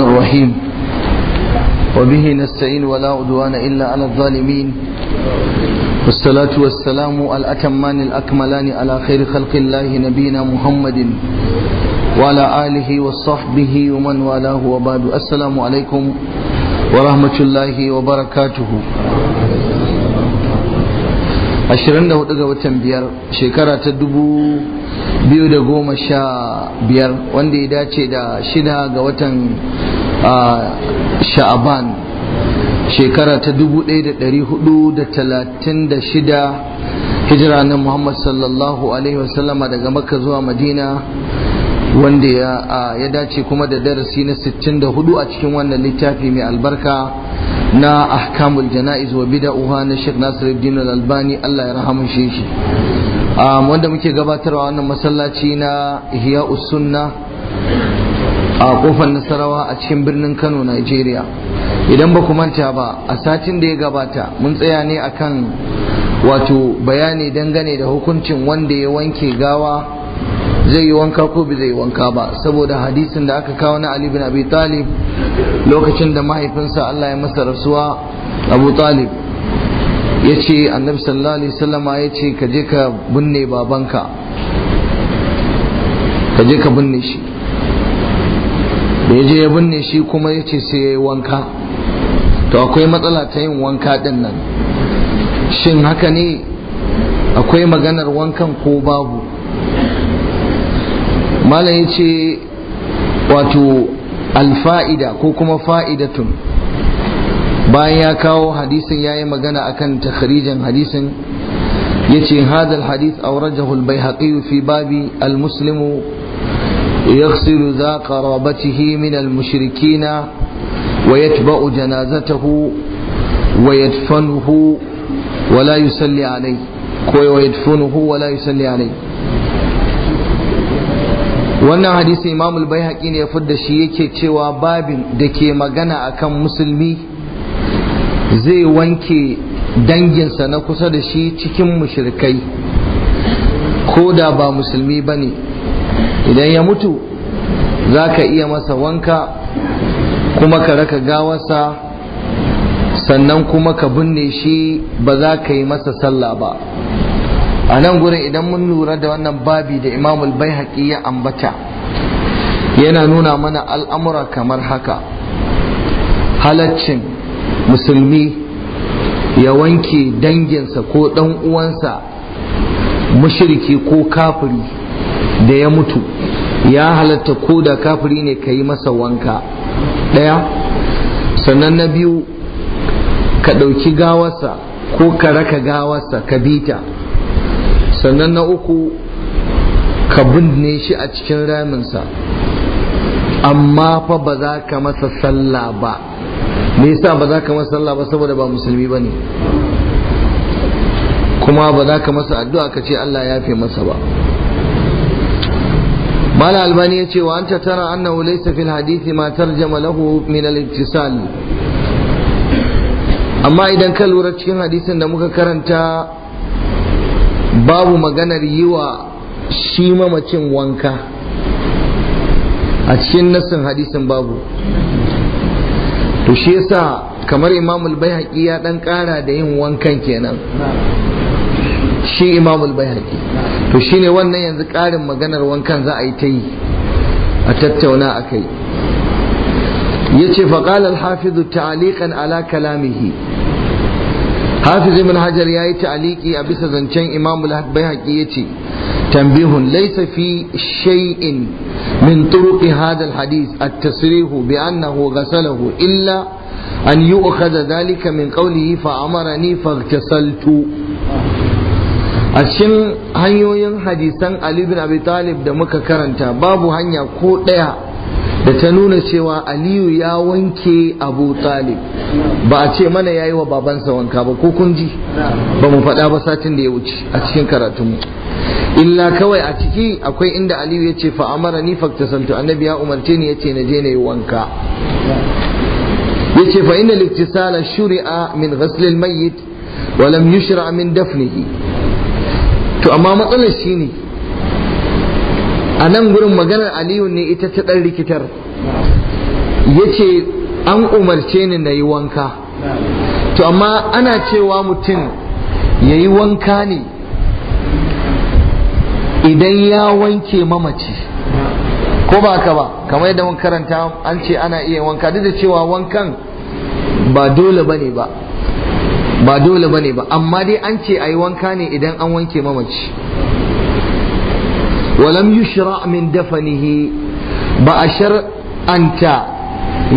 الرحيم وبه نستعين ولا عدوان إلا على الظالمين والصلاة والسلام الأتمان الأكملان على خير خلق الله نبينا محمد وعلى آله وصحبه ومن والاه وبعد السلام عليكم ورحمة الله وبركاته أشرنا وتقوى تنبير شكرة دبو biyu da goma sha biyar wanda ya dace da shida ga watan sha'aban shekara ta dubu daya da ɗari hudu da talatin da shida hijira na muhammad sallallahu alaihi wasallama daga makka zuwa madina wanda ya dace kuma da darasi na sittin da hudu a cikin wannan littafi mai albarka na ahkamul jana'iz wa bida'uha na Sheikh nasiru Al-Albani Allah ya rahama shi Um, wanda muke gabatarwa wannan masallaci na hiya usunna a kofar nasarawa a cikin birnin kano nigeria idan ba ku manta ba a satin da ya gabata mun tsaya ne akan wato bayani dangane da hukuncin wanda ya wanke gawa zai yi wanka ko bai zai yi wanka ba saboda hadisin da aka kawo na ali bin abi talib lokacin da mahaifinsa allah ya masa rasuwa abu talib ya ce annabi sallallahu alaihi wasallama ya ce ka ka binne babanka ka ka binne shi da ya je ya binne shi kuma ya ce sai ya yi wanka to akwai matsala ta yin wanka din nan shin haka ne akwai maganar wankan ko babu malam ya ce wato alfa'ida ko kuma fa'idatun bayan ya kawo hadisin ya yi magana akan takharijin hadisin ya ce hadal hadith aurajahu bai baihaqi fi babi al-muslimu yaghsilu za qarabatihi min al-mushrikina wa yatba'u janazatahu wa yadfanuhu wa yusalli ko yusalli wannan hadisi imamul bai haƙi ne ya fudda shi yake cewa babin da ke magana akan musulmi zai wanke danginsa na kusa da shi cikin mushrikai ko da ba musulmi ba ne idan ya mutu za ka iya masa wanka kuma ka raka gawarsa sannan kuma ka binne shi ba za ka yi masa sallah ba a nan gurin idan mun lura da wannan babi da imamul bai haƙi ya ambata yana nuna mana al'amura kamar haka halaccin musulmi ya wanke danginsa ko ɗan uwansa mushriki ko kafiri da ya mutu ya halatta ko da kafiri ne ka yi masa wanka ɗaya sannan na biyu ka ɗauki gawarsa ko ka raka gawarsa ka bita sannan na uku ka binne shi a cikin raminsa amma fa ba za ka masa sallah ba me yasa ba za ka masa sallah ba saboda ba musulmi bane kuma ba za ka masa addu'a ka ce Allah ya fi masa ba mala albani ya ce wa anta tara annahu laysa fil hadithi ma tarjama lahu min al-ittisal amma idan ka lura cikin hadisin da muka karanta babu maganar yi wa shi mamacin wanka a cikin nasin hadisin babu to shi yasa kamar imamul bayhaqi ya dan kara da yin wankan kenan shi imamul bayhaqi to shine wannan yanzu karin maganar wankan za a yi ta yi a tattauna akai yace faqala al-hafiz ta'liqan ala kalamihi hafiz ibn hajar yayi ta'liqi a bisa zancen imamul bayhaqi yace tambihun laysa fi shay'in من طرق هذا الحديث التصريح بأنه غسله إلا أن يؤخذ ذلك من قوله فأمرني saltu. a cikin hanyoyin hadisan Ali bin Abi da muka karanta babu hanya ko ɗaya da ta nuna cewa Aliyu ya wanke Abu Talib ba a ce mana yayi wa babansa wanka ba ko kun ji ba mu faɗa ba satin da ya wuce a cikin karatunmu illa kawai a ciki akwai inda aliyu ya ce fa'amara ni faktasantu annabi ya umarce ni ya ce na je na yi wanka ya ce fa inda liktisala shuri'a min ghaslil mayyit walam lam yushra min dafnihi to amma matsalar shi ne a nan gurin maganar aliyu ne ita ta ɗan rikitar ya ce an umarce ni na yi wanka to amma ana cewa mutum ya yi wanka ne idan ya wanke mamaci ko ba ka ba kamar yadda mun karanta an ce ana iya wanka duk da cewa wankan ba dole bane ba ba dole bane ba amma dai an ce ayi wanka ne idan an wanke mamaci walam yushra min dafanihi ba a shar'anta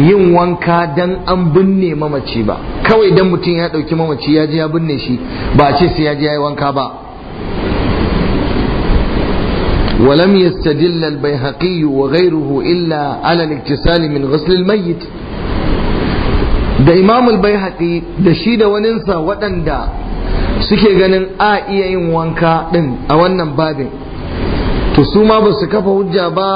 yin wanka dan an binne mamaci ba kawai dan mutum ya dauki mamaci ya je ya binne shi ba a ce sai ya je ya yi wanka ba ولم يستدل البيهقي وغيره إلا على الاكتسال من غسل الميت da imamul bai da shi da waninsa waɗanda suke ganin a iya yin wanka ɗin a wannan babin to su ma ba su kafa hujja ba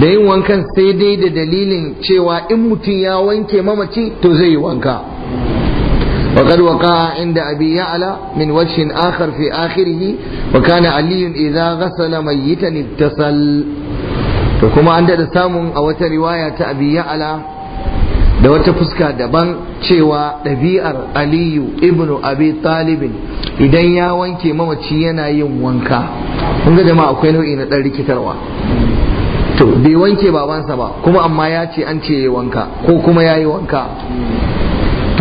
da yin wankan sai dai da dalilin cewa in mutum ya wanke mamaci to zai yi wanka وقد وقع عند أبي يعلى من وجه آخر في آخره وكان علي إذا غسل ميتا اتصل وكما عند السام أو رواية أبي يعلى da wata fuska daban cewa ɗabi'ar aliyu ibnu abi talibin idan ya wanke mamaci yana yin wanka kun ga jama'a akwai nau'i na ɗan rikitarwa to bai wanke babansa ba kuma amma ya ce an ce ya wanka ko kuma ya yi wanka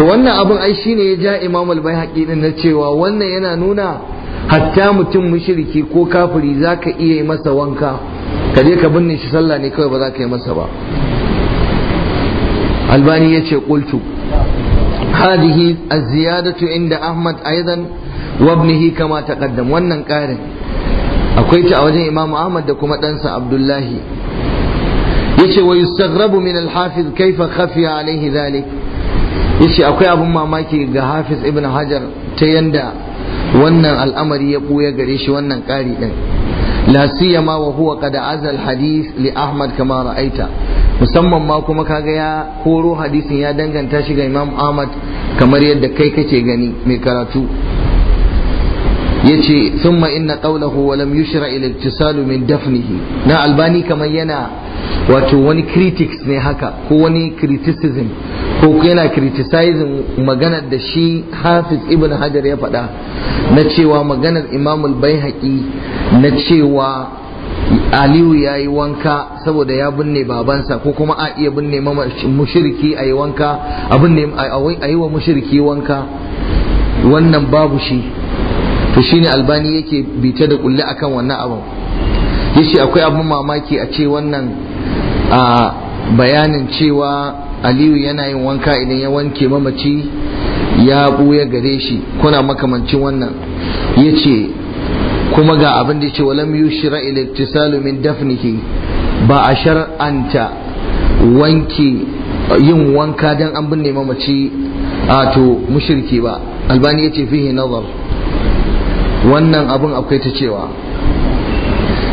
to wannan abin ai shine ya ja imam al-baihaqi din na cewa wannan yana nuna hatta mutum mushriki ko kafiri zaka iya yi masa wanka ka je ka binne shi sallah ne kawai ba za ka yi masa ba albani ya ce qultu هذه الزيادة عند أحمد أيضا وابنه كما تقدم wannan karin akwai ta a wajen Imam Ahmad da kuma ɗansa Abdullahi yace wa yustaghrabu min al-Hafiz kayfa khafiya alayhi dhalik yace akwai abin mamaki ga hafiz ibn hajar ta yanda wannan al'amari ya ɓuya gare shi wannan ƙari ɗin la siyama wa huwa qad azal hadith li ahmad kama ra'aita musamman ma kuma kaga ya koro hadisin ya danganta shi ga imam ahmad kamar yadda kai kake gani mai karatu yace thumma inna qawlahu wa lam yushra ila min dafnihi na albani kamar yana wato wani critics ne haka ko wani criticism ko yana criticizing maganar da shi hafiz ibn hajar ya faɗa na cewa maganar imamul haƙi na cewa aliyu ya yi wanka saboda ya binne babansa ko kuma a iya binne mushiriki a yi wanka a yi wa wanka wannan babu shi to shine albani yake bita da kulle akan wannan abin yace akwai abin mamaki a ce wannan a bayanin cewa aliyu yana yin wanka idan ya wanke mamaci ya buya gare shi kuna makamancin wannan ya ce kuma ga abin da ce walam shira iliktisalu min dafnihi ba a shar'anta wanke yin wanka dan an binne mamaci a to mushirki ba albani ya ce fihi nazar wannan abin akwai ta cewa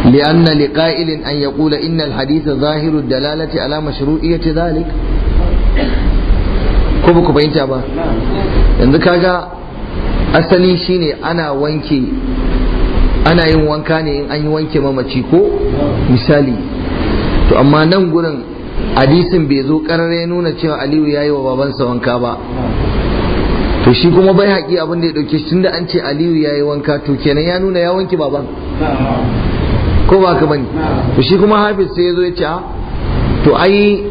لأن لقائل أن يقول إن الحديث ظاهر الدلالة على مشروعية ذلك ko ba ku fahimta ba yanzu kaga asali shine ana wanke yin wanka ne in an wanke mamaci ko misali to amma nan gurin hadisin bai zo ya nuna cewa aliyu ya yi wa babansa wanka ba to shi kuma bai haƙi abin da ya ɗauke shi da an ce aliyu ya yi wanka to kenan ya nuna ya wanke baban ko ba ka bane to shi kuma hafiz sai yazo zo ya ce to ai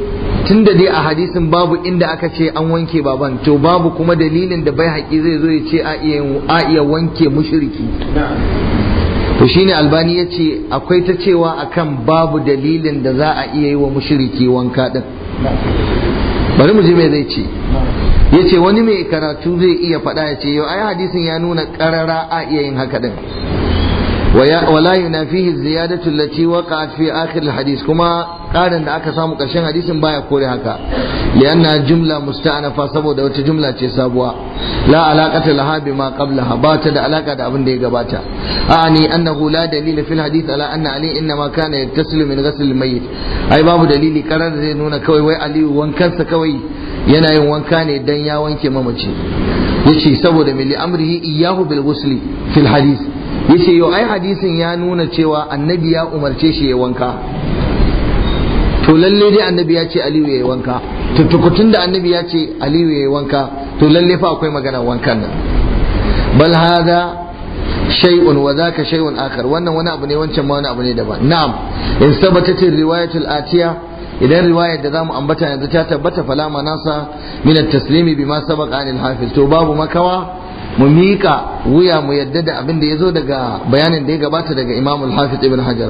tun dai a hadisin babu inda aka ce an wanke baban to babu kuma dalilin da bai haƙi zai zo ya ce a iya wanke mushriki to shine albani ya ce akwai ta cewa akan babu dalilin da za a iya yi wa mushriki wanka din bari mu ji me zai ce ya ce wani mai karatu zai iya faɗa ya ce yau ai hadisin ya nuna ƙarara a iya yin haka ɗin. wala yunafihi ziyadatu allati waqa'at fi akhir alhadith kuma karin da aka samu karshen hadisin baya kore haka lianna jumla musta'nafa saboda wata jumla ce sabuwa la alaqata laha bima qablaha ba ta da alaka da abinda ya gabata ani annahu la dalila fil hadith ala anna ali inma kana yattasilu min ghasl almayyit ai babu dalili karar da zai nuna kawai wai ali wankansa kawai yana yin wanka ne dan ya wanke mamaci yace saboda mili amrihi iyahu bil ghusli fil yace yau ai hadisin ya nuna cewa annabi ya umarce shi ya wanka to lalle dai annabi ya ce aliyu ya wanka To tukutun da annabi ya ce aliyu ya wanka to lalle fa akwai magana wankan nan bal hada shay'un wa zaka shay'un akhar wannan wani abu ne wancan ma wani abu ne daban na'am in sabatat riwayatul atiya idan riwayar da zamu ambata yanzu ta tabbata fala manasa min at-taslimi bima sabaqa anil hafiz to babu makawa mu miƙa wuya mu yadda da abin da ya zo daga bayanin da ya gabata daga imam al-hafiz ibn hajar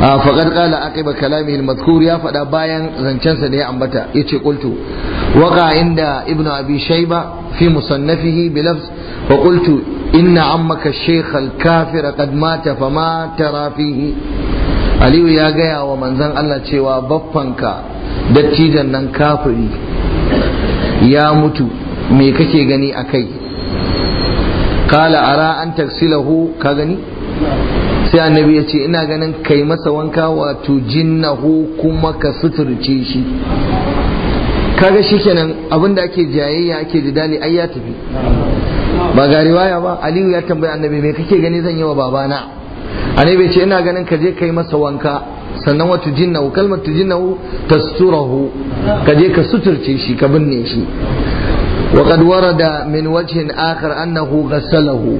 faqad qala aqiba kalamihi al-madhkur ya faɗa bayan zancensa da ya ambata yace qultu waqa inda ibnu abi shayba fi musannafihi bi lafz wa qultu inna ammaka shaykh al-kafir qad mata ma tara fihi aliyu ya gaya wa manzon Allah cewa ka dattijan nan kafiri ya mutu me kake gani akai kala ara an taksilahu ka gani sai annabi ya ce ina ganin kai masa wanka wato jinnahu kuma ka suturce shi kaga shikenan abinda ake jayayya ake jidali ai ya tafi ba ga riwaya ba aliyu ya tambayi annabi me kake gani zan yi wa babana annabi ce ina ganin ka je kai masa wanka sannan wa jinnahu kalmar tujinnahu tasturahu ka je ka suturce shi ka binne shi وقد ورد من وجه آخر أنه غسله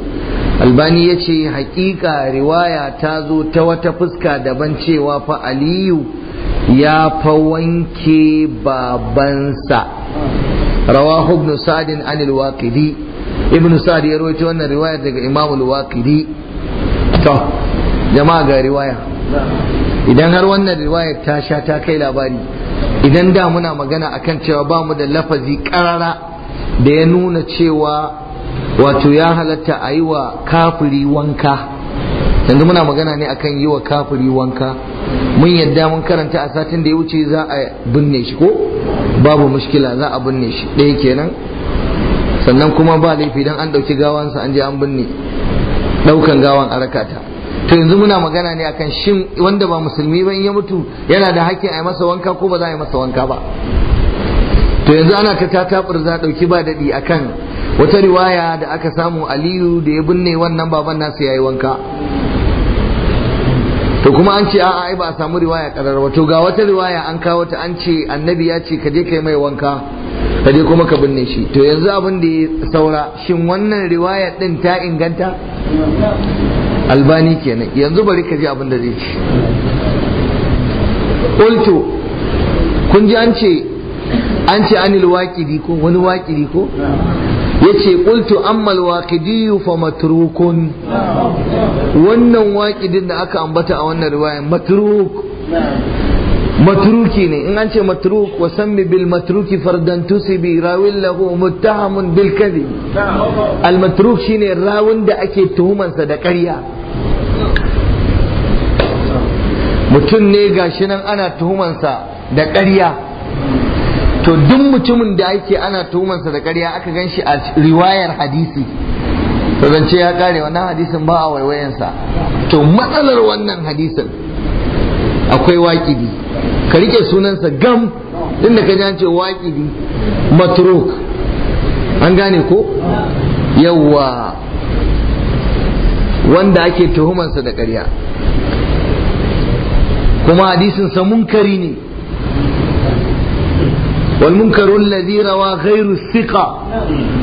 albani ya ce hakika riwaya ta zo ta wata fuska daban cewa fa aliyu ya fa wanke babansa rawahu ibn sa'd an al ibn sa'd ya rawaito wannan riwaya daga imam al jama'a ga riwaya idan har wannan riwaya ta sha ta kai labari idan da muna magana akan cewa bamu da lafazi karara da ya nuna cewa wato ya halatta a yi wa kafiri wanka yanzu muna magana ne akan yi wa kafiri wanka mun yadda mun karanta a satin da ya wuce za a binne shi ko babu mushkila za a binne shi ɗaya kenan sannan kuma ba laifi don an ɗauki gawansa an je an binne ɗaukan gawan a rakata to yanzu muna magana ne akan shin wanda ba musulmi ba in ya mutu yana da hakkin a yi masa wanka ko ba za a yi masa wanka ba to yanzu ana ta tatabar za dauki ba dadi akan wata riwaya da aka samu aliyu da ya binne wannan baban nasu yayi wanka to kuma an ce a'a ai ba a samu riwaya karar wato ga wata riwaya an kawo ta an ce annabi ya ce ka je kai mai wanka ka je kuma ka binne shi to yanzu abin da ya saura shin wannan riwaya din ta inganta albani kenan yanzu bari ka ji abin da zai ce kun ji an ce an ce anil waqidi ko wani waqidi ko yace qultu amma alwaqidi fa matrukun wannan waqidin da aka ambata a wannan riwaya matruk matruki ne in an ce matruk wa sammi bil matruki fardan tusibi rawin lahu muttahamun bil kadhib al matruk shine rawin da ake tuhumansa da ƙarya mutum ne gashi nan ana tuhumansa da ƙarya to duk mutumin da yake ana tuhumarsa da ƙarya aka gan shi a riwayar hadisi zance ya kare wannan hadisin ba a waiwayensa to matsalar wannan hadisin akwai waƙidi ka rike sunansa gam Tunda ka ji ce waƙidi matruk an gane ko yawwa wanda ake tuhumarsa da ƙarya kuma hadisin sa munkari ne والمنكر الذي روى غير الثقة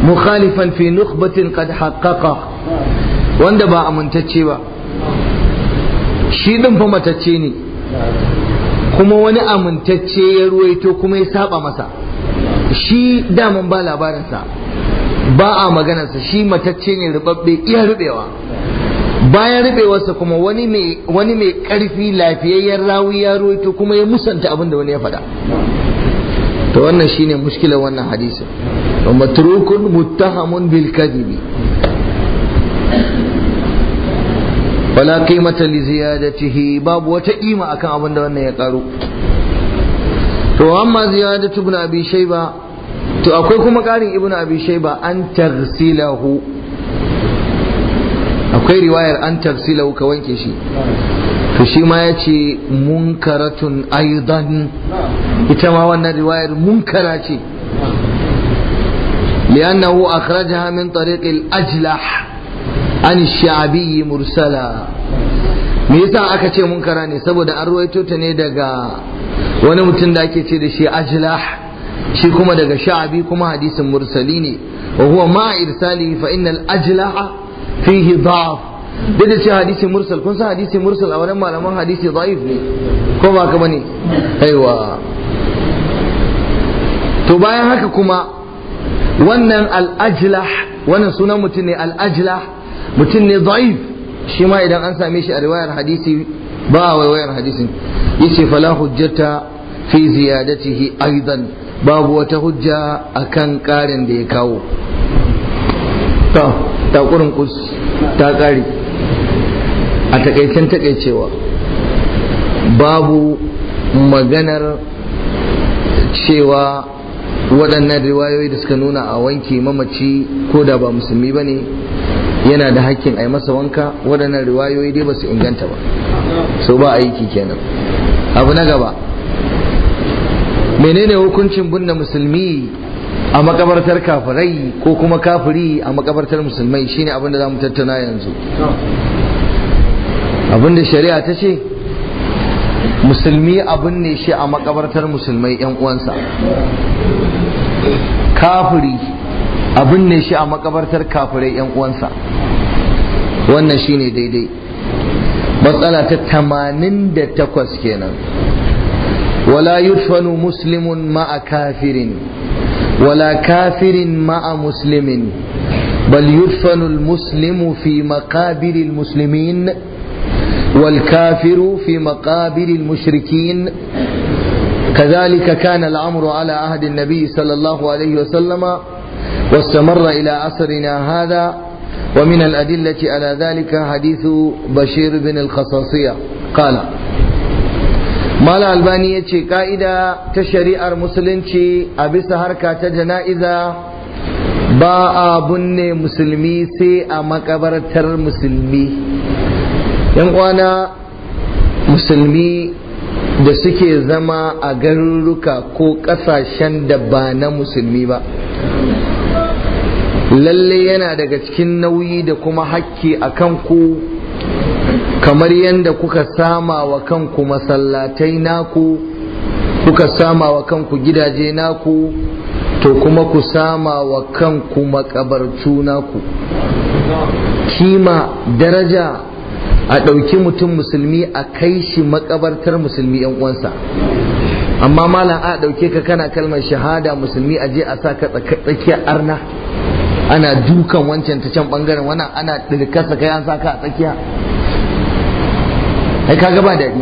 مخالفا في نخبة قد حققه وان دبا امنتacce ba shi din fa matacce ne kuma wani amintacce ya ruwaito kuma ya saba masa shi daman ba labarinsa ba a maganarsa shi matacce ne rubabbe iya rubewa bayan rubewarsa kuma wani mai wani karfi lafiyayyen rawu ya ruwaito kuma ya musanta abin da wani ya faɗa to wannan shine mushkilar wannan hadisin wa matrukun muttahamun bil kadhibi wala qimata li ziyadatihi babu wata kima akan abin da wannan ya karu to amma ziyadatu ibn abi shayba to akwai kuma karin ibn abi shayba an taghsilahu akwai riwayar an taghsilahu ka wanke shi to shi ma yace munkaratun aidan ita ma wannan riwayar munkara ce li'annahu akhrajaha min tariq al-ajlah an shabi mursala me yasa aka ce munkara ne saboda an ruwaito ta ne daga wani mutum da ake ce da shi ajlah shi kuma daga sha'abi kuma hadisin mursali ne wa huwa ma irsali fa innal ajlaha fihi da'af duk da ce hadisi mursal kun san hadisi mursal a wurin malaman hadisi da'if ne ko ba ka bane aiwa to bayan haka kuma wannan al'ajlah wannan sunan mutum ne al'ajlah mutum ne da'if shi ma idan an same shi a riwayar hadisi ba a waiwayar hadisin yace fala hujjata fi ziyadatihi aidan babu wata hujja kan karin da ya kawo to ta kurin kus ta kare a takaicen takaicewa babu maganar cewa waɗannan riwayoyi da suka nuna a wanke mamaci ko da ba musulmi ba ne yana da hakkin a yi masa wanka waɗannan riwayoyi dai ba su inganta ba so ba aiki kenan abu na gaba menene hukuncin binne musulmi a makabartar kafirai ko kuma kafiri a makabartar musulmai shine abin da za mu tattauna yanzu abin da shari'a ta ce musulmi abin ne shi a makabartar musulmai yan uwansa kafiri abin ne shi a makabartar kafirai yan uwansa wannan shine daidai matsala ta 88 kenan wala yudfanu muslimun ma'a kafirin wala kafirin ma'a muslimin bal yudfanu muslimu fi makabirin muslimin والكافر في مقابل المشركين كذلك كان الأمر على عهد النبي صلى الله عليه وسلم واستمر إلى عصرنا هذا ومن الأدلة على ذلك حديث بشير بن الخصاصية قال ما الألباني يتشي قائدة تشريع المسلم أبس هركة جنائزة باء بن مسلمي سي أمكبرتر مسلمي yan uwana musulmi da suke zama a garuruka ko kasashen da ba na musulmi ba lalle yana daga cikin nauyi da kuma hakki a kanku kamar yadda kuka sama wa kanku masallatai naku kuka sama wa kanku gidaje naku to kuma ku sama wa kanku makabartu naku kima daraja a ɗauki mutum musulmi a kai shi makabartar musulmi yan uwansa amma malam a ɗauke ka kana kalmar shahada musulmi a je a sa ka tsakiyar arna ana dukan wancan ta can bangaren wannan ana ɗirkarsa kai an sa ka a tsakiya ai ka gaba daɗi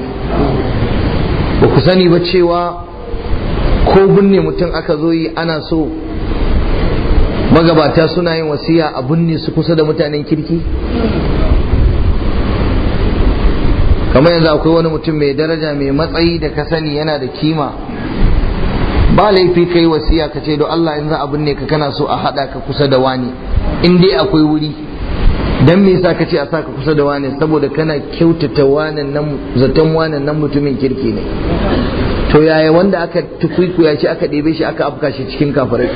ba ku sani ba cewa ko binne mutum aka zo yi ana so magabata suna yin wasiya a binne su kusa da mutanen kirki kamar yanzu akwai wani mutum mai daraja mai matsayi da ka sani yana da kima ba laifi kai wasiya ka ce don Allah in za abin ne ka kana so a haɗa ka kusa da wani in dai akwai wuri don me yasa ka ce a saka kusa da wani saboda kana kyautata wanan nan zaton wanan nan mutumin kirki ne to yaya wanda aka tukuikuya shi aka ɗebe shi aka afka shi cikin kafirai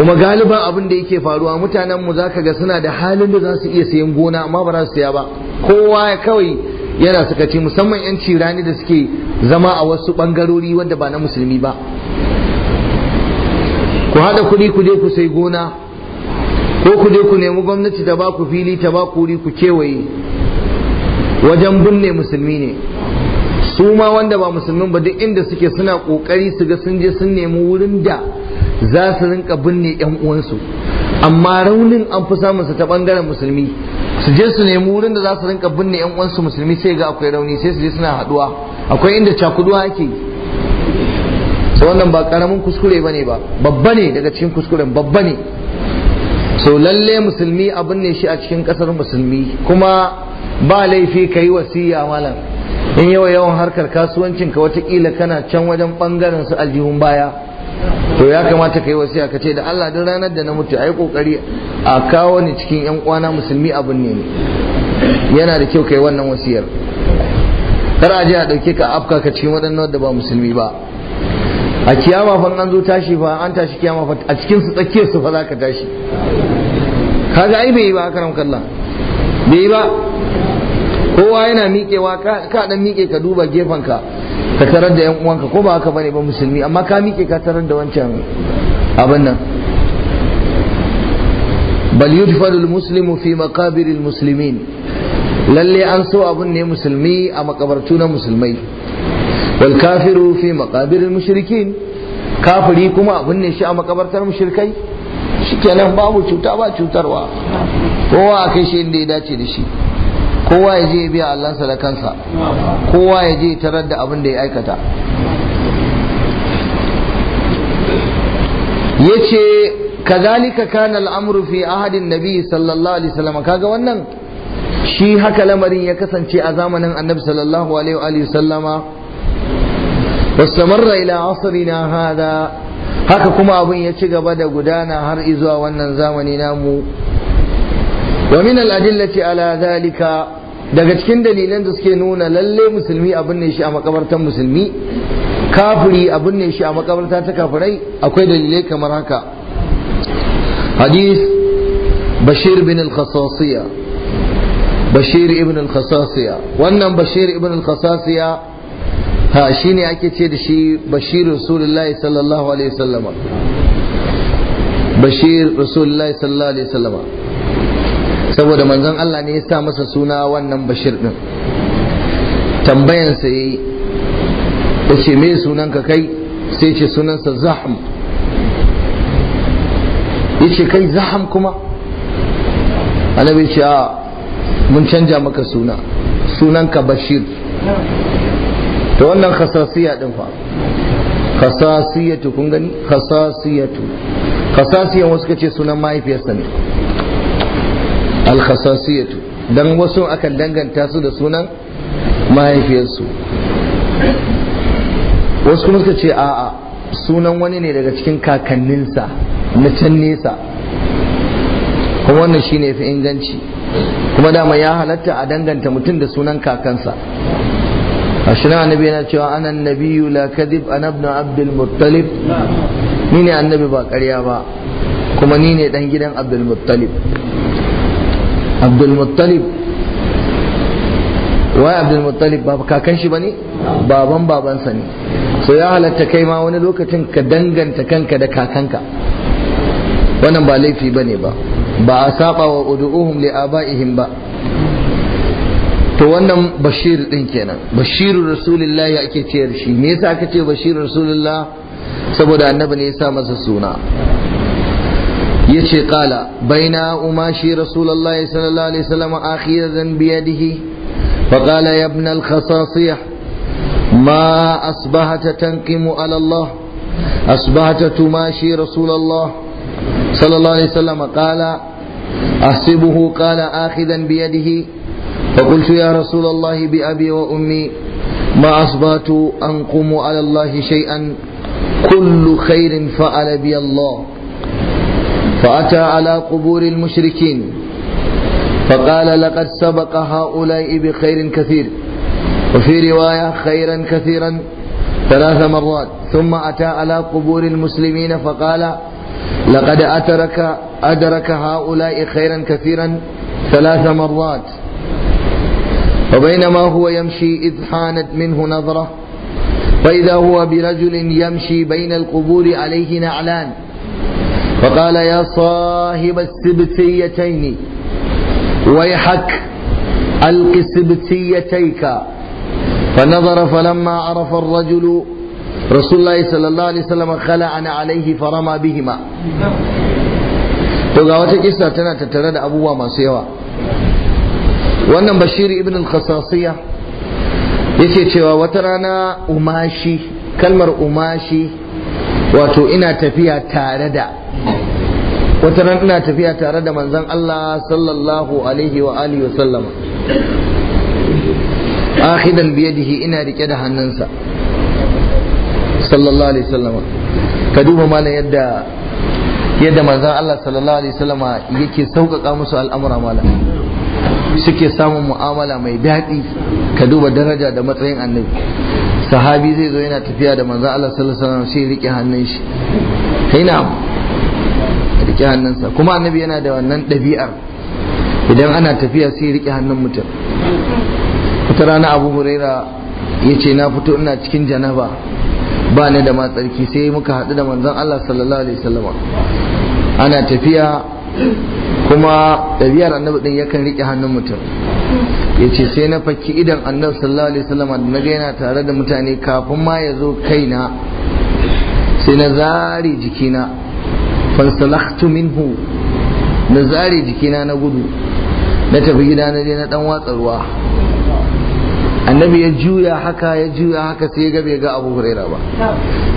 kuma galiban abin da yake faruwa mutanen mu zaka ga suna da halin da za su iya sayan gona amma ba za su saya ba kowa kawai yana suka ce musamman yan cirani da suke zama a wasu bangarori wanda ba na musulmi ba ku hada kuɗi ku je ku sai gona ko ku je ku nemi gwamnati ta ba ku fili ta ba ku wuri ku kewaye wajen binne musulmi ne su ma wanda ba musulmin ba duk inda suke suna kokari su ga sun je sun nemi wurin da za su rinka binne yan uwansu amma raunin an fi samun su ta bangaren musulmi su je su nemi wurin da za su rinka binne yan uwansu musulmi sai ga akwai rauni sai su je suna haduwa akwai inda cakuduwa ake so wannan ba karamin kuskure bane ba babba ne daga cikin kuskuren babba ne so lalle musulmi a binne shi a cikin kasar musulmi kuma ba laifi ka yi wasiya malam in yawa yawan harkar kasuwancinka watakila kana can wajen bangaren su aljihun baya to ya kamata yi wasiya ka ce da Allah duk ranar da na mutu yi kokari a kawo ni cikin yan kwana musulmi abin ne yana da kyau ka yi wannan wasiyar kar a je a dauke ka afka ka cikin waɗannan da ba musulmi ba a kiyama fa an zo tashi fa an tashi kiyama fa a cikin su tsakiyar su fa za ka tashi Ka ga ai bai yi ba karam kallah bai yi ba kowa yana miƙewa ka dan miƙe ka duba gefen ka ka tarar da yan uwanka ko ba haka bane ba musulmi amma ka miƙe ka tarar da wancan abin nan bal yudfalu muslimu fi maqabiril muslimin lalle an so abun ne musulmi a makabartu na musulmai wal kafiru fi maqabiril mushrikin kafiri kuma abun ne shi a makabartar mushrikai shikenan babu cuta ba cutarwa kowa a kai shi inda ya dace da shi kowa ya je ya biya allansa da kansa kowa ya je tarar da abin da ya aikata ya ce kazalika kana al'amru fi ahadin nabi sallallahu alaihi wasallam kaga wannan shi haka lamarin ya kasance a zamanin annabi sallallahu alaihi wasallama wastamarra ila na hada haka kuma abin ya ci gaba da gudana har izuwa wannan zamani namu wa min al ala zalika. daga cikin dalilan da suke nuna lalle musulmi abin ne shi a makabartan musulmi kafiri abin ne shi a makabarta ta kafirai akwai dalilai kamar haka hadis bashir bin al-khasasiya bashir ibn al-khasasiya wannan bashir ibn al-khasasiya ha shine ake ce da shi bashir rasulullahi sallallahu alaihi wasallama bashir rasulullahi sallallahu alaihi wasallama saboda manzon Allah ne ya sa masa suna wannan bashir din tambayansa ya yi ya ce me sunanka kai sai ce sunansa zaham ya ce kai zaham kuma annabi ce a mun canja maka suna sunanka bashir to wannan khasasiya din fa khasasiyatu kun gani khasasiyatu khasasiyan wasu kace sunan mahaifiyarsa ne alkhasasiyatu dan wasu akan danganta su da sunan mahaifiyarsu wasu kuma suka ce a'a sunan wani ne daga cikin kakanninsa na can nesa kuma wannan shine fi inganci kuma dama ya halatta a danganta mutum da sunan kakansa a shirin annabi yana cewa anan nabiyu la kadib an abna abdul muttalib ni ne annabi ba karya ba kuma ni ne dan gidan abdul muttalib abdul muttalib wai abdul muttalib ba kakan shi bane baban babansa ne so ya halatta kai ma wani lokacin ka danganta kanka da kakanka wannan ba laifi bane ba ba a saba wa ud'uhum li abaihim ba to wannan bashir din kenan bashirur rasulullahi ake ciyar shi me yasa aka ce bashirur rasulillah saboda annabi ne ya sa masa suna yace kala baina umashi rasulullah sallallahu alaihi wasallam akhiran bi yadihi fa qala ya ibn al khasasiyah ma asbahat tanqimu ala allah asbahat tumashi rasulullah sallallahu alaihi wasallam qala ahsibuhu qala akhiran bi yadihi فأتى على قبور المشركين فقال لقد سبق هؤلاء بخير كثير وفي رواية خيرا كثيرا ثلاث مرات ثم أتى على قبور المسلمين فقال لقد أترك أدرك هؤلاء خيرا كثيرا ثلاث مرات وبينما هو يمشي إذ حانت منه نظرة فإذا هو برجل يمشي بين القبور عليه نعلان فقال يا صاحب السبتيتين ويحك ألق سبتيتيك فنظر فلما عرف الرجل رسول الله صلى الله عليه وسلم خلعن عليه فرمى بهما to ga wata kissa tana tattare da abubuwa masu yawa wannan bashir ibn al-khasasiyya yake cewa wata rana umashi kalmar umashi wato ina tafiya tare da wata ran ina tafiya tare da manzon Allah sallallahu alaihi wa alihi wa sallama akhidan biyadihi ina rike da hannunsa sallallahu alaihi sallama ka duba mana yadda yadda manzon Allah sallallahu alaihi sallama yake sauƙaƙa musu al'amura mala suke samun mu'amala mai daɗi ka duba daraja da matsayin annabi sahabi zai zo yana tafiya da manzon Allah sallallahu alaihi wasallam sai rike hannun shi kai na riƙe hannunsa kuma annabi yana da wannan ɗabi'ar idan ana tafiya sai riƙe hannun mutum wata rana abu huraira ya ce na fito ina cikin janaba ba ni da matsarki sai muka haɗu da manzon Allah sallallahu alaihi wasallam ana tafiya kuma ɗabi'ar annabi ɗin yakan riƙe hannun mutum ya ce sai na fakki idan annabi sallallahu alaihi wasallam da na yana tare da mutane kafin ma ya zo kaina sai na zare jikina fansalaktu minhu na zare jikina na gudu na tafi gida na je na dan watsa ruwa annabi ya juya haka ya juya haka sai ga bai ga abu huraira ba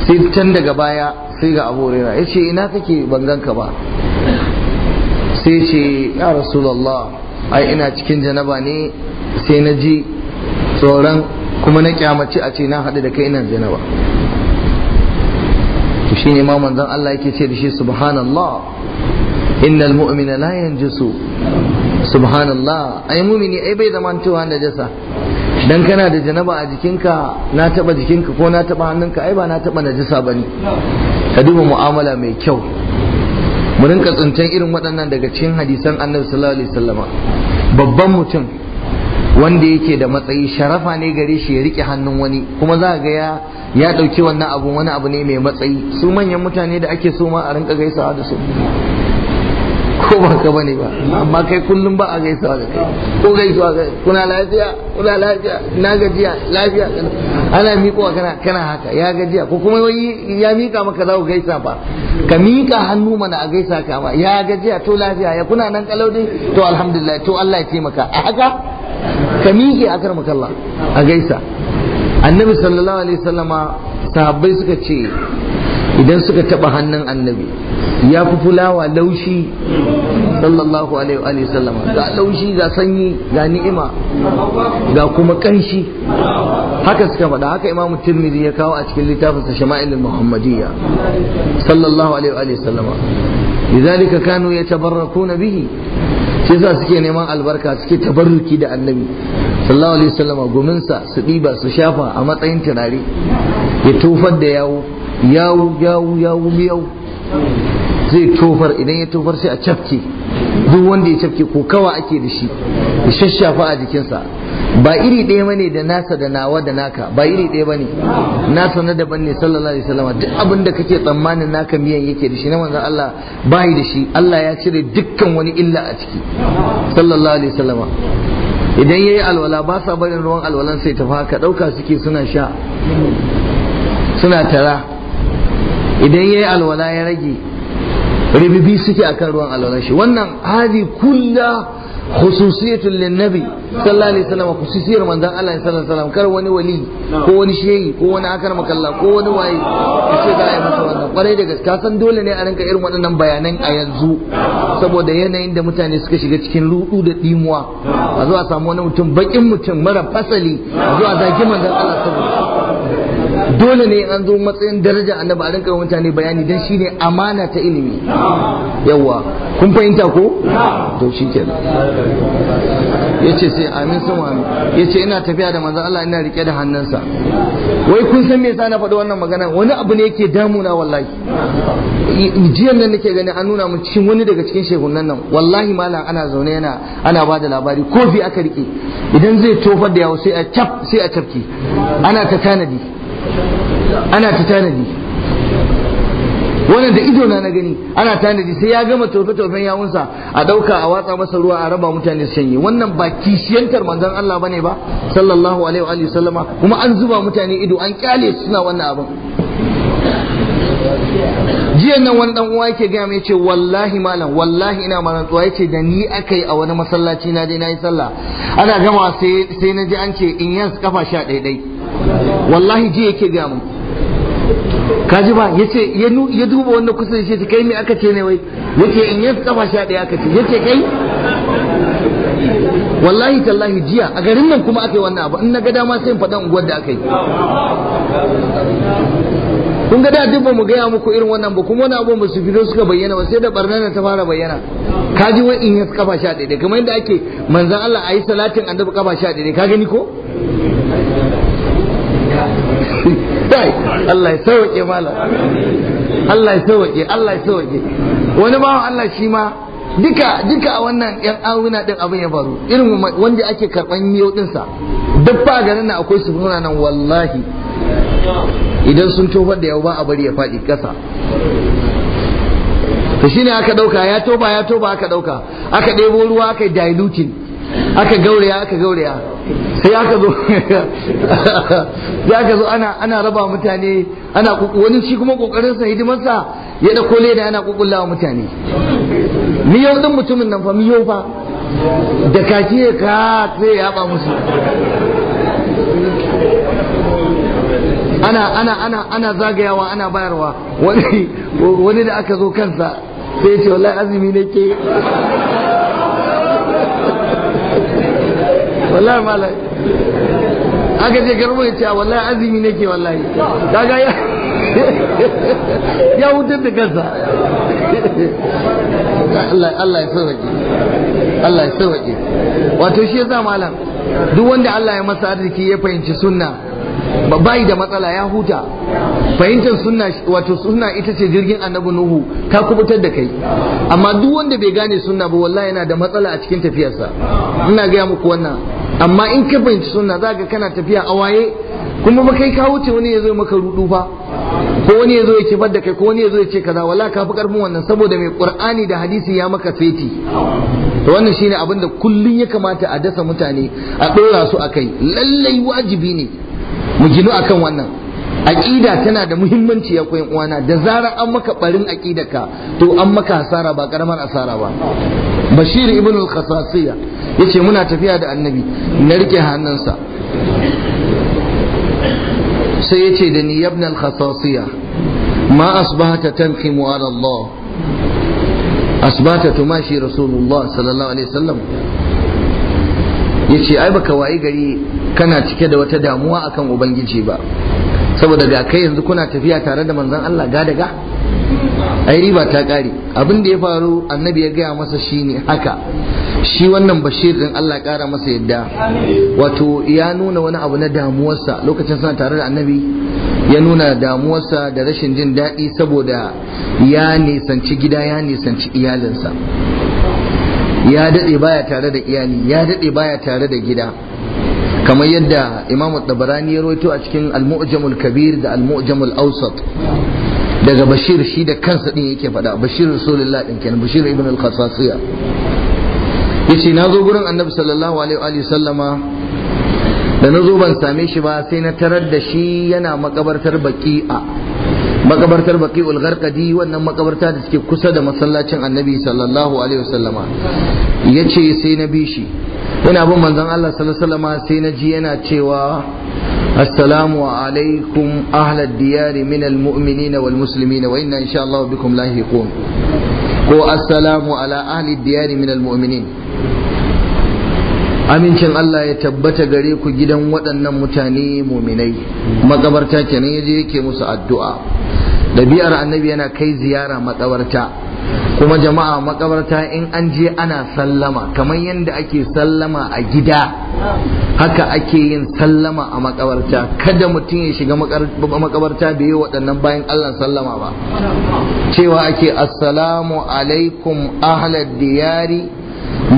sai can daga baya sai ga abu huraira ya ce ina kake bangan ka ba sai ce ya Allah ai ina cikin janaba ne sai na ji tsoron kuma na kyamaci a ce na haɗu da kai ina janaba to shine ma manzon Allah yake ce da shi subhanallah innal mu'mina la yanjisu subhanallah ai mu'mini ai bai da jasa. dan kana da janaba a jikinka na taba jikinka ko na taba hannunka ai ba na taba najisa bane ka duba mu'amala mai kyau mu rinka tsuntan irin waɗannan daga cikin hadisan annabi sallallahu alaihi wasallama babban mutum wanda yake da matsayi sharafa ne gare shi ya rike hannun wani kuma za ga ya ya dauki wannan abu wani abu ne mai matsayi su manyan mutane da ake so ma a rinka gaisawa da su ko ba ka bane ba amma kai kullum ba a gaisawa da kai ko gaisawa ga kuna lafiya kuna lafiya na gajiya lafiya ana miƙowa kana kana haka ya gajiya ko kuma wai ya miƙa maka za ku gaisa ba ka miƙa hannu mana a gaisa ka ba ya gajiya to lafiya ya kuna nan kalau dai to alhamdulillah to Allah ya taimaka a haka ka miƙe a karma kalla a gaisa annabi sallallahu alaihi wasallama sahabbai suka ce idan suka taɓa hannun annabi ya fi fulawa laushi sallallahu alaihi wasallama ga laushi ga sanyi ga ni'ima ga kuma kanshi haka suka faɗa haka imamu tirmidhi ya kawo a cikin littafinsa shama'ilul muhammadiyya sallallahu alaihi wa wasallama لذلك كانوا يتبركون bihi? shi yasa suke neman albarka suke tabarruki da annabi sallallahu alaihi wasallam guminsa su ɗiba su shafa a matsayin turare ya tofar da yawo yawo yawo yawo yawo zai tofar idan ya tofar sai a cafke duk wanda ya cafke ko kawa ake da shi ya shashafa a jikinsa ba iri ɗaya bane da nasa da nawa da naka ba iri ɗaya bane nasa na daban ne sallallahu alaihi wasallam duk abin da kake tsammanin naka miyan yake da shi na manzon Allah bai da shi Allah ya cire dukkan wani illa a ciki sallallahu alaihi wasallam idan yayi alwala ba sa barin ruwan alwalan sai ta haka dauka suke suna sha suna tara idan yayi alwala ya rage ribibi suke akan ruwan alwalar shi wannan hadi kulla khususiyatul linnabi sallallahu alaihi wasallam khususiyar manzon Allah sallallahu alaihi wasallam kar wani wali ko wani shehi ko wani akar makalla ko wani waye ce za a yi masa wannan kwarai da gaske san dole ne a rinka irin waɗannan bayanan a yanzu saboda yanayin da mutane suka shiga cikin ludu da dimuwa a zo a samu wani mutum bakin mutum mara fasali a zo a zagi manzon Allah saboda dole ne an zo matsayin daraja annabi a rinka mutane bayani dan shine amana ta ilimi yawa kun fahimta ko to shikenan yace sai amin sama yace ina tafiya da manzo Allah ina rike da hannunsa wai kun san me yasa na faɗi wannan magana wani abu ne yake damuna wallahi jiyan nan nake gani an nuna mu cikin wani daga cikin shehunan nan wallahi malam ana zaune yana ana ba da labari kofi aka rike idan zai tofar da yawo sai a cap sai a capki ana ta tanadi ana ta tanadi wannan da ido na gani ana tanadi sai ya gama tofe tofen yawunsa a ɗauka a watsa masa ruwa a raba mutane su shanye wannan ba kishiyantar manzon Allah bane ba sallallahu alaihi wa sallama kuma an zuba mutane ido an kyale suna wannan abin jiya nan wani dan uwa yake gaya mai ce wallahi malam wallahi ina malam yace da ni akai a wani masallaci na dai nayi sallah ana gama sai sai na ji an ce in yas kafa sha dai dai wallahi ji yake gaya mun kaji ba yace ya duba wannan kusa yace kai me aka ce ne wai yace in ya tsafa sha daya aka ce yace kai wallahi tallahi jiya a garin nan kuma aka yi wannan abu in na ga dama sai in faɗan unguwar da aka yi kun ga da duk ba mu gaya muku irin wannan ba kuma wani abu ba su fito suka bayyana ba sai da barnar ta fara bayyana Kaji wai in ya kafa sha daya kamar yadda ake manzan Allah a yi salatin annabi kafa sha daya ka gani ko kai Allah ya sauke malam Allah ya sauke Allah ya sauke wani bawan Allah shi ma duka duka a wannan yan awuna din abin ya faru irin wanda ake karban miyo din sa duk ba garin nan akwai nuna nan wallahi idan sun tofar da yau ba a bari ya faɗi ƙasa to shine aka dauka ya toba ya toba aka dauka aka ɗebo ruwa aka diluting aka gauraya aka gauraya sai aka zo sai aka zo ana ana raba mutane ana wani shi kuma kokarin sa hidimar sa ya dauko yana ana kukullawa mutane miyau din mutumin nan fa miyau fa da kaci ka sai ya ba musu ana ana ana ana zagayawa ana bayarwa wani wani da aka zo kansa sai ya ce wallahi azumi nake wallahi malai aka ce karbo ya ce wallahi azumi nake wallahi daga ya ya hutar da kansa Allah ya sauke Allah ya sauke wato shi ya malam duk wanda Allah ya masa arziki ya fahimci sunna bai da matsala ya huta fahimtar sunna wato sunna ita ce jirgin annabi nuhu ta kubutar da kai amma duk wanda bai gane sunna ba wallahi yana da matsala a cikin tafiyarsa ina gaya muku wannan amma in ka fahimci sunna za ka kana tafiya a waye kuma ba kai ka wuce wani ya zo maka rudu ba ko wani ya zo ya kifar da kai ko wani ya zo ya ce kaza wala ka fi karfin wannan saboda mai qur'ani da hadisi ya maka feti wannan shine abin da kullun ya kamata a dasa mutane a ɗora su a kai lallai wajibi ne mu ginu akan wannan aqida tana da muhimmanci ya koyan uwana da zarar an maka barin ka to an maka hasara ba karamar asara ba bashir ibn al-khasasiya yace muna tafiya da annabi na rike hannunsa sai yace da ni ibn al-khasasiya ma asbahata tanqimu ala Allah asbahata tumashi rasulullah sallallahu alaihi wasallam yace ai baka wayi gari kana cike da wata damuwa akan ubangiji ba saboda ga kai yanzu kuna tafiya tare da manzon Allah ga daga ai riba ta kare abin da ya faru annabi ya gaya masa shine haka shi wannan bashir din Allah kara masa yadda wato ya nuna wani abu na damuwarsa lokacin suna tare da annabi ya nuna damuwarsa da rashin jin daɗi saboda ya nisanci gida ya nisanci iyalinsa ya daɗe baya tare da iyali ya daɗe baya tare da gida kamar yadda imamu tabarani ya roito a cikin al-mu'jamul kabir da al-mu'jamul awsat daga bashir shi da kansa din yake faɗa bashir rasulullah din kenan bashir ibn al-khasasiya yace na zo gurin annabi sallallahu alaihi wa sallama da na zo ban same shi ba sai na tarar da shi yana makabartar baqi'a makabartar baqi'ul gharqadi wannan makabarta da suke kusa da masallacin annabi sallallahu alaihi wa wasallama yace sai na bi shi ina bin manzon Allah sallallahu sai na ji yana cewa assalamu alaikum ahlad diyari min almu'minina wal muslimina wa inna insha Allah bikum lahiqun ko assalamu ala ahli diyari min almu'minin amincin Allah ya tabbata gare ku gidan waɗannan mutane muminai makabarta kenan yaje yake musu addu'a dabi'ar annabi yana kai ziyara makabarta kuma jama'a makabarta in an je ana sallama kamar yadda ake sallama a gida haka ake yin sallama a makabarta kada mutum ya shiga makabarta bai yi waɗannan bayan Allah sallama ba cewa ake assalamu alaikum ahlad diyari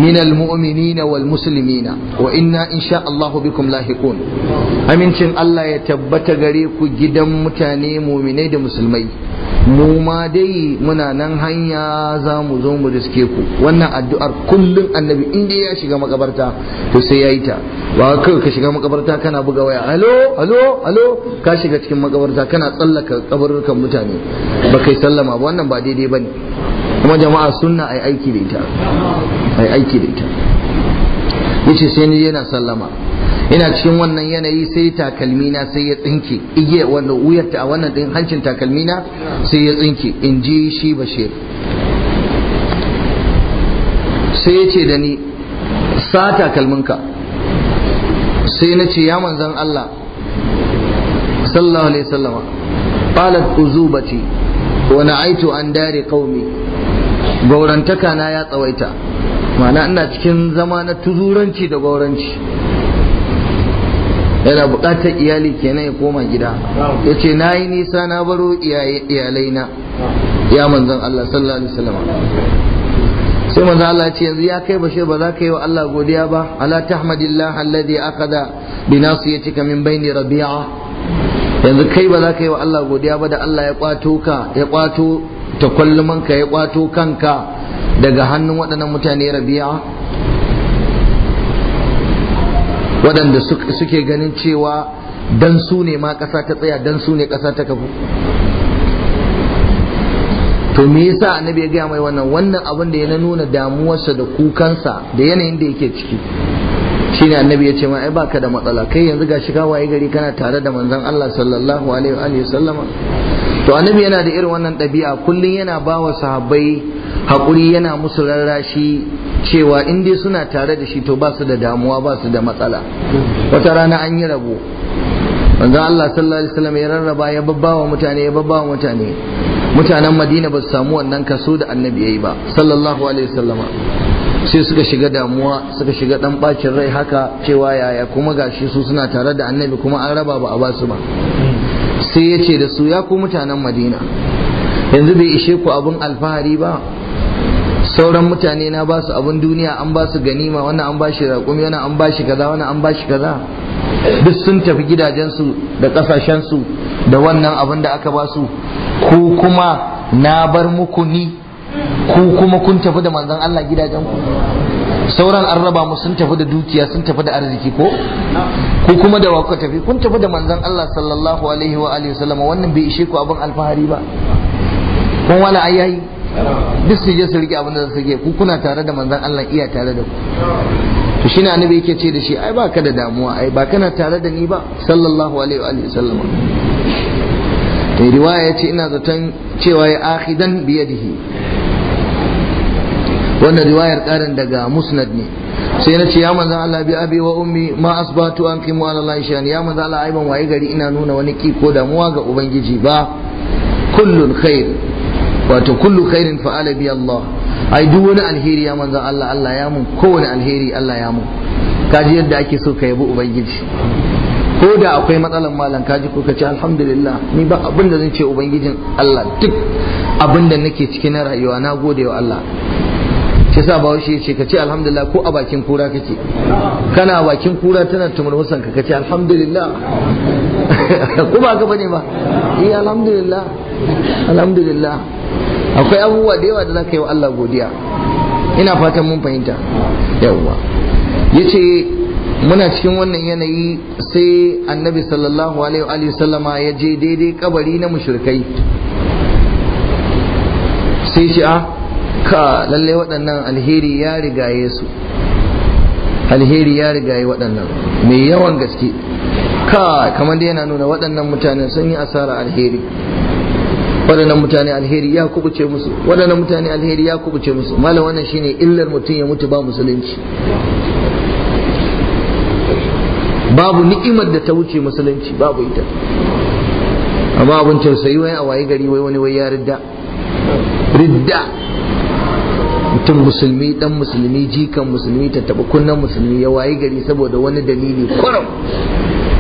min muminina wal muslimina wa inna insha Allah bikum lahikun amincin Allah ya tabbata gare ku gidan mutane mu'minai da musulmai mu ma dai muna nan hanya za mu zo mu riske ku wannan addu'ar kullum annabi inda ya shiga makabarta to sai ya yi ta ba kawai ka shiga makabarta kana buga waya "Alo, alo, alo, ka shiga cikin makabarta kana tsallaka kabarurkan mutane ba kai sallama ba wannan ba daidai ba ne kuma jama'a sunna ai aiki da ita ai aiki da ita yace sai ni yana sallama ina cikin wannan yanayi sai takalmina sai ya tsinke igiya wanda wuyarta a wannan din hancin takalmina sai ya tsinke in ji shi bashir sai ya ce da ni sa takalminka sai na ce ya manzan Allah sallallahu alaihi sallama qalat uzubati wa na'aitu an dare qaumi gaurantaka na ya tsawaita ma'ana ina cikin zama na tuzuranci da gauranci yana bukatar iyali kenan ya koma gida ya ce na yi nisa na baro iyalai na ya manzan Allah sallallahu alaihi wasallam sai manzan Allah ce yanzu ya kai bashe ba za ka yi wa Allah godiya ba ala tahmadillah alladhi akada bi cika min baini rabi'a yanzu kai ba za ka yi wa Allah godiya ba da Allah ya kwato ka ya kwato takwallumanka ya kwato kanka daga hannun waɗannan mutane rabi'a waɗanda suke ganin cewa dan su ne ma ƙasa ta tsaya dan su ne ƙasa ta kafu to me yasa annabi ya gaya mai wannan wannan abin da ya nuna damuwarsa da kukansa da yanayin da yake ciki shine annabi ya ce ma ai baka da matsala kai yanzu gashi ka waye gari kana tare da manzon Allah sallallahu alaihi wa sallama to annabi yana da irin wannan ɗabi'a kullum yana ba wa sahabbai haƙuri yana musu rarrashi cewa in dai suna tare da shi to ba su da damuwa ba su da matsala wata rana an yi rabo wanda Allah sallallahu alaihi wasallam ya rarraba ya babbawa mutane ya babbawa mutane mutanen Madina ba su samu wannan kaso da annabi yayi ba sallallahu alaihi wasallam sai suka shiga damuwa suka shiga dan bacin rai haka cewa yaya kuma gashi su suna tare da annabi kuma an raba ba a ba su ba sai yace ce da su ya ku mutanen Madina yanzu bai ishe ku abin alfahari ba sauran mutane na ba su abin duniya an ba su ganima wannan an ba shi raƙumi wani an ba shi kaza wani an ba shi kaza duk sun tafi gidajensu da ƙasashensu da wannan abin da aka ba su ku kuma na bar muku ni ku kuma kun tafi da manzon Allah gidajenku sauran an raba mu sun tafi da dukiya sun tafi da arziki ko ku kuma da wako tafi kun tafi da manzon Allah sallallahu alaihi wa alihi wasallam wannan bai ishe ku abin alfahari ba kun wala ayayi duk su je su rike abin da ke ku kuna tare da manzan Allah iya tare da ku to shine annabi yake ce da shi ai baka da damuwa ai ba kana tare da ni ba sallallahu alaihi wa alihi sallama riwaya ya ce ina zaton cewa ya akhidan yadihi wannan riwayar karin daga musnad ne sai na ce ya manzan Allah bi abi wa ummi ma asbatu an kimu ala Allah shani ya manzan Allah aiban waye gari ina nuna wani ki ko damuwa ga ubangiji ba kullun khair wato kullu khairin fa'ala bi Allah ai duk wani alheri ya manzo Allah Allah ya mun kowane alheri Allah ya mun kaji yadda ake so ka yabi ubangiji ko da akwai matsalan malam kaji ko kace alhamdulillah ni ba abin da zan ce ubangijin Allah duk abin da nake ciki na rayuwa na gode wa Allah ke sa ba shi ce kace alhamdulillah ko a bakin kura kake kana bakin kura tana husan ka kace alhamdulillah ko ba ka bane ba eh alhamdulillah alhamdulillah akwai abubuwa da yawa da za ka yi wa Allah godiya ina fatan mun fahimta Ya yace muna cikin wannan yanayi sai annabi sallallahu alaihi wa ya je daidai kabari na mushrikai sai shi a ah, ka lalle waɗannan alheri ya rigaye su alheri ya rigaye waɗannan mai yawan gaske ka kamar da yana nuna waɗannan mutane sun yi asara alheri waɗannan mutane alheri ya kubuce musu waɗannan mutane alheri ya kubuce musu malam wannan shine illar mutum ya mutu ba musulunci babu ni'imar da ta wuce musulunci babu ita amma abin tausayi wai a waye gari wai wani wai ya ridda ridda mutum musulmi dan musulmi jikan musulmi ta taɓa kunnan musulmi ya waye gari saboda wani dalili kwaram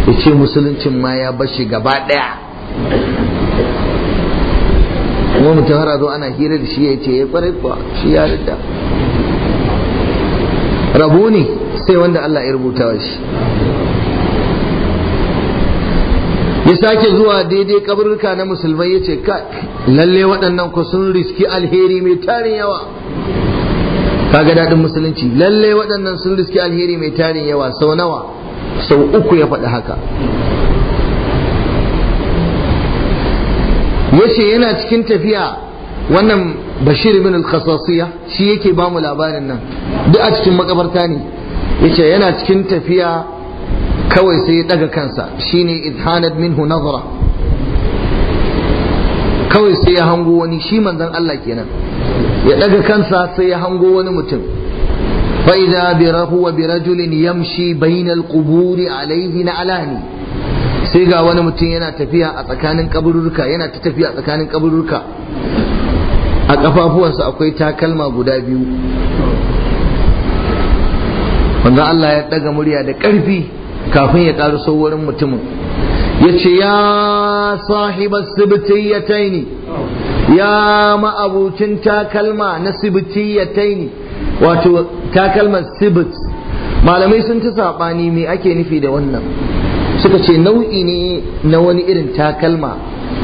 ya ce musuluncin ma ya bashi gaba ɗaya amma mutum har zo ana hira da shi ya ce ya eh, kwarai kuwa shi ya ridda rabu ne sai wanda Allah ya rubuta wa shi ya sake zuwa daidai kaburka na musulmai ya ce lalle waɗannan ku sun riski alheri mai tarin yawa kaga daɗin musulunci lalle waɗannan sun riski alheri mai tarin yawa sau nawa sau uku ya faɗi haka yace yana cikin tafiya wannan bashir bin al-khasasiyya shi yake ba mu labarin nan duk a cikin makabarta ne yace yana cikin tafiya kawai sai ya daga kansa shine idhanat minhu nazara kawai sai ya hango wani shi manzon Allah kenan ya daga kansa sai ya hango wani mutum فإذا بره وبرجل يمشي بين القبور عليه نعلان sai ga wani mutum yana tafiya a tsakanin kaburruka yana ta tafiya a tsakanin kaburruka a kafafuwansa akwai takalma guda biyu wanda Allah ya daga murya da ƙarfi kafin ya ƙaru wurin mutumin ya ce ya sahibar sibiti ya taini ya ma'abucin takalma na sibiti ya taini wato takalman sibit malamai sun ci saɓani me ake nufi da wannan suka ce nau'i ne na wani irin takalma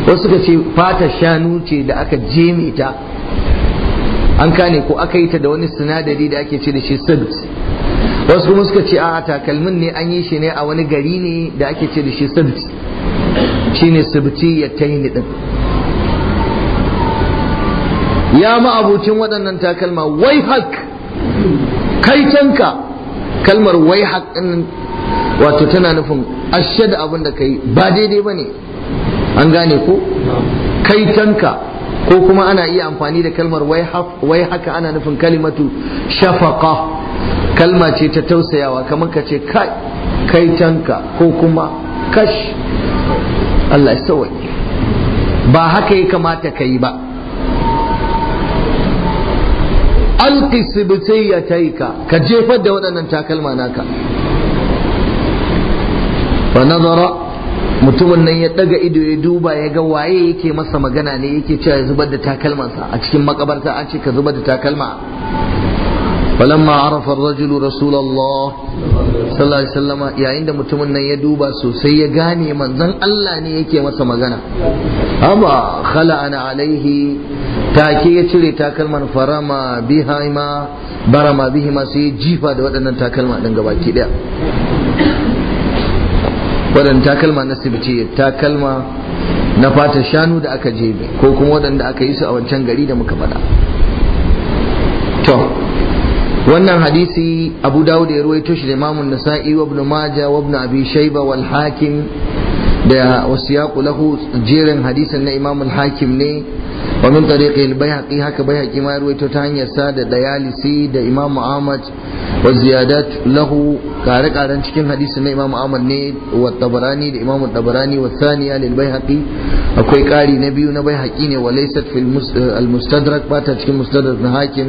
wasu suka ce fata shanu ce da aka jeme ta an kane ko aka yi ta da wani sinadari da ake ce da shi silt wasu kuma suka ce a takalmin ne an yi shi ne a wani gari ne da ake ce da shi Shi ne sibti ya yi din ya ma'abucin waɗannan takalma wai hak kai canka kalmar wai haƙ wato tana nufin ashe da abin da kai ba daidai ba ne an gane ko kai tanka ko kuma ana iya amfani da kalmar wai haka ana nufin kalimatu shafaka kalma ce ta tausayawa kamar ka ce kai tanka ko kuma kash Allah ya ba haka ya kamata ka yi ba alƙi sibitiyataika ka jefar da waɗannan takalma naka fa nazara mutumin nan ya daga ido ya duba ya ga waye yake masa magana ne yake cewa ya zubar da takalmansa a cikin makabarta an ce ka zubar da takalma falamma arafa rajulu rasulullah sallallahu alaihi wasallama yayin da mutumin nan ya duba sosai ya gane manzon Allah ne yake masa magana amma khala ana alaihi take ya cire takalman farama bihaima barama ma sai jifa da waɗannan takalma din gabaki daya waɗanda takalma na sibiti takalma na fata shanu da aka jebe ko kuma waɗanda aka yi su a wancan gari da muka faɗa to wannan hadisi abu dawud ya ruwaito shi da imamun nasa'i wa ibn majah wa ibn abi shayba wal hakim da wasiyaqu lahu jerin hadisin na imamul hakim ne ومن طريق البيهقي هكا بيهقي ما يروي تانية سادة ديالي دا إمام محمد والزيادات له كارك على شكل حديث من إمام محمد نيد والطبراني لإمام الطبراني والثانية للبيهقي أكوي كاري نبي ونبيهقيني وليست في المستدرك بات شكل مستدرك نهاكم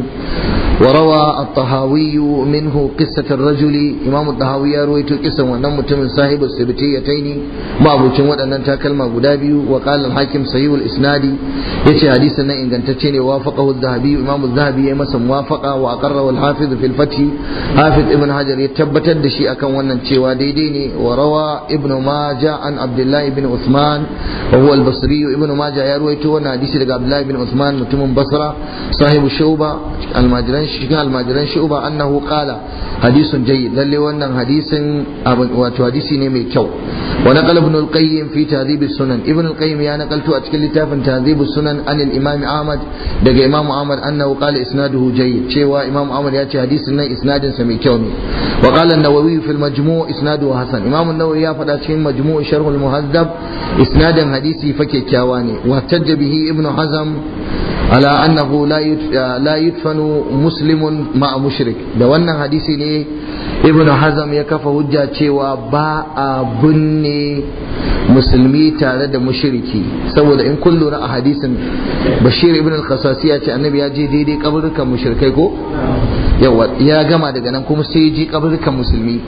وروى الطهاوي منه قصة الرجل إمام الطهاوي رويته قصة ونم من صاحب السبتيتين ما أبو شمود أن تاكل ما وقال الحاكم صحيح الإسنادي يتي hadisin nan ingantacce ne wafaqahu az-zahabi imamu zahabi ya masa muwafaqa wa aqarrahu al-hafiz fil fath hafiz ibn hajar ya tabbatar da shi akan wannan cewa daidai ne wa rawa ibn majah an abdullahi ibn usman wa huwa al-basri ibn ya ruwaito wannan hadisi daga abdullahi ibn usman mutumin basra sahibu shuba almajiran shi almajiran shuba annahu qala hadisun jayyid lalle wannan hadisin wato hadisi ne mai kyau wa naqala ibn al-qayyim fi tadhib sunan ibn al-qayyim ya naqaltu a cikin littafin tadhib sunan an al-imam ahmad daga imam ahmad annahu qala isnaduhu jayyid cewa imam ahmad ya ce hadisin nan isnadin sa mai kyau ne wa qala an-nawawi fi al-majmu' isnaduhu hasan imam an-nawawi ya fada cikin majmu' sharh al-muhaddab isnadin hadisi fa kyakkyawa ne wa tajbihi ibn hazm على أنه لا يدفن مسلم مع مشرك da wannan hadisi ne ibn hazam ya kafa hujja cewa ba a binne musulmi tare da mushriki saboda in kun lura a hadisin bashir ibn al-khasasi ya ce annabi ya je daidai kaburukan mushrikai ko yawa ya gama daga nan kuma sai je kaburkan musulmi